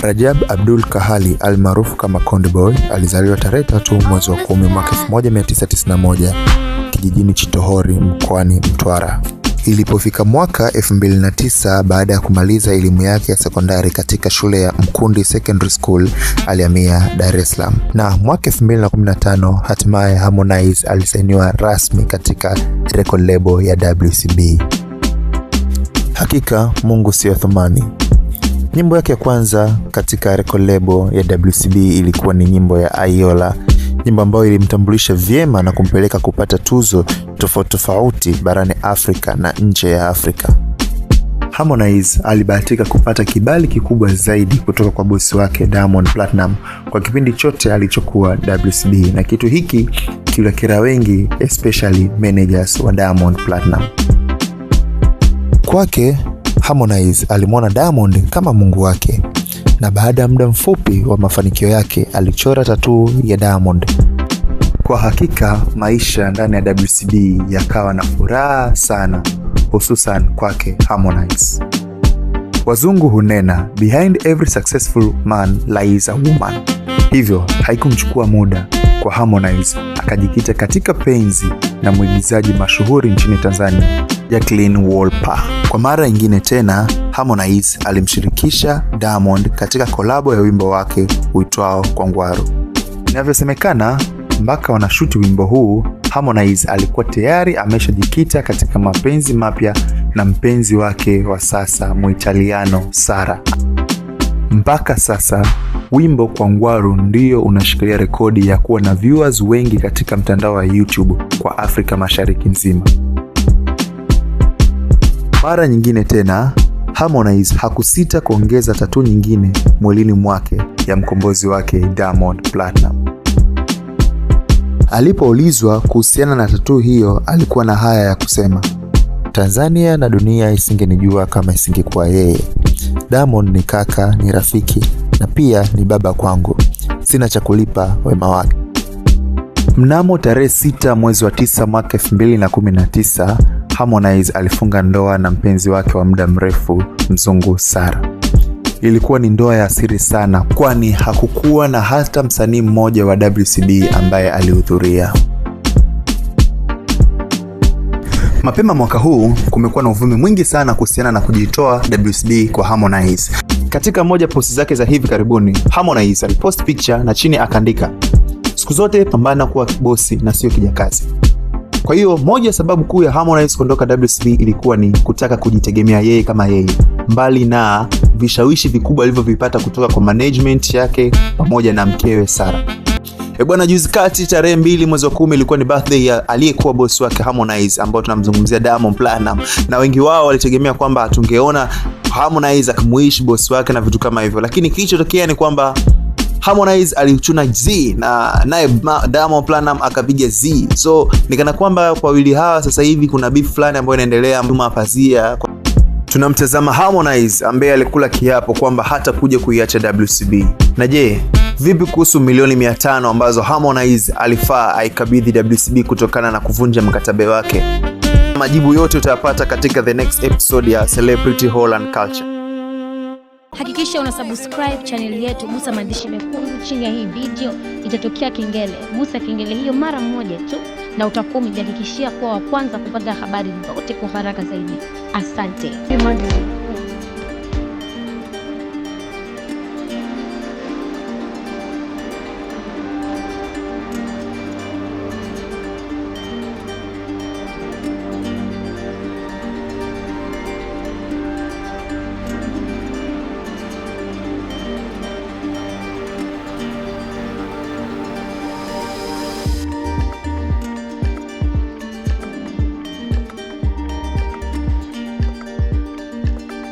Rajab Abdul Kahali almaarufu kama Konde Boy alizaliwa tarehe tatu mwezi wa kumi mwaka 1991 kijijini Chitohori mkoani Mtwara. Ilipofika mwaka 2009 baada ya kumaliza elimu yake ya sekondari katika shule ya Mkundi Secondary School alihamia Dar es Salaam, na mwaka 2015 hatimaye Harmonize alisainiwa rasmi katika record label ya WCB. Hakika Mungu siyo thamani. Nyimbo yake ya kwanza katika record label ya WCB ilikuwa ni nyimbo ya Aiola, nyimbo ambayo ilimtambulisha vyema na kumpeleka kupata tuzo tofauti tofauti barani Afrika na nje ya Afrika. Harmonize alibahatika kupata kibali kikubwa zaidi kutoka kwa bosi wake Diamond Platinum kwa kipindi chote alichokuwa WCB, na kitu hiki kiliwakera wengi especially managers wa Diamond Platinum. Kwake Harmonize alimwona Diamond kama mungu wake, na baada ya muda mfupi wa mafanikio yake alichora tatuu ya Diamond. Kwa hakika maisha ndani ya WCB yakawa na furaha sana, hususan kwake Harmonize. Wazungu hunena behind every successful man lies a woman, hivyo haikumchukua muda kwa Harmonize akajikita katika penzi na mwigizaji mashuhuri nchini Tanzania Jacqueline Wolper. Kwa mara nyingine tena, Harmonize alimshirikisha Diamond katika kolabo ya wimbo wake uitwao kwangwaru Inavyosemekana, mpaka wanashuti wimbo huu, Harmonize alikuwa tayari ameshajikita katika mapenzi mapya na mpenzi wake wa sasa Muitaliano Sara. Mpaka sasa wimbo Kwangwaru ndio unashikilia rekodi ya kuwa na viewers wengi katika mtandao wa YouTube kwa Afrika Mashariki nzima. Mara nyingine tena Harmonize hakusita kuongeza tatu nyingine mwilini mwake ya mkombozi wake Diamond Platinum. Alipoulizwa kuhusiana na tatu hiyo, alikuwa na haya ya kusema: Tanzania na dunia isingenijua kama isingekuwa yeye. Diamond ni kaka, ni rafiki na pia ni baba kwangu. Sina cha kulipa wema wake. Mnamo tarehe 6 mwezi wa 9 mwaka 2019 Harmonize alifunga ndoa na mpenzi wake wa muda mrefu mzungu Sara. Ilikuwa ni ndoa ya siri sana, kwani hakukuwa na hata msanii mmoja wa WCB ambaye alihudhuria. Mapema mwaka huu kumekuwa na uvumi mwingi sana kuhusiana na kujitoa WCB kwa Harmonize. Katika moja posti zake za hivi karibuni, Harmonize alipost picha na chini akaandika, siku zote pambana kuwa bosi na sio kijakazi. Kwa hiyo moja sababu kuu ya Harmonize kuondoka WCB ilikuwa ni kutaka kujitegemea yeye kama yeye, mbali na vishawishi vikubwa alivyovipata kutoka kwa management yake pamoja na mkewe Sara. E eh, bwana, juzi kati tarehe mbili mwezi wa kumi ilikuwa ni birthday ya aliyekuwa bosi wake Harmonize, ambao tunamzungumzia Diamond Platinum, na wengi wao walitegemea kwamba tungeona Harmonize akimuishi bosi wake na vitu kama hivyo, lakini kilichotokea ni kwamba Harmonize alichuna Z na naye Diamond Platnumz akapiga Z. So nikana kwamba kwa wili hawa sasa hivi kuna beef fulani ambayo inaendelea nyuma pazia. Tunamtazama Harmonize ambaye alikula kiapo kwamba hata kuja kuiacha WCB. Na je, vipi kuhusu milioni 500 ambazo Harmonize alifaa aikabidhi WCB kutokana na kuvunja mkataba wake? Majibu yote utayapata katika the next episode ya Celebrity Hall and Culture. Hakikisha una subscribe chaneli yetu, gusa maandishi mekundu chini ya hii video, itatokea kengele. Gusa kengele hiyo mara moja tu, na utakuwa umejihakikishia kuwa wa kwanza kupata habari zote kwa haraka zaidi. Asante.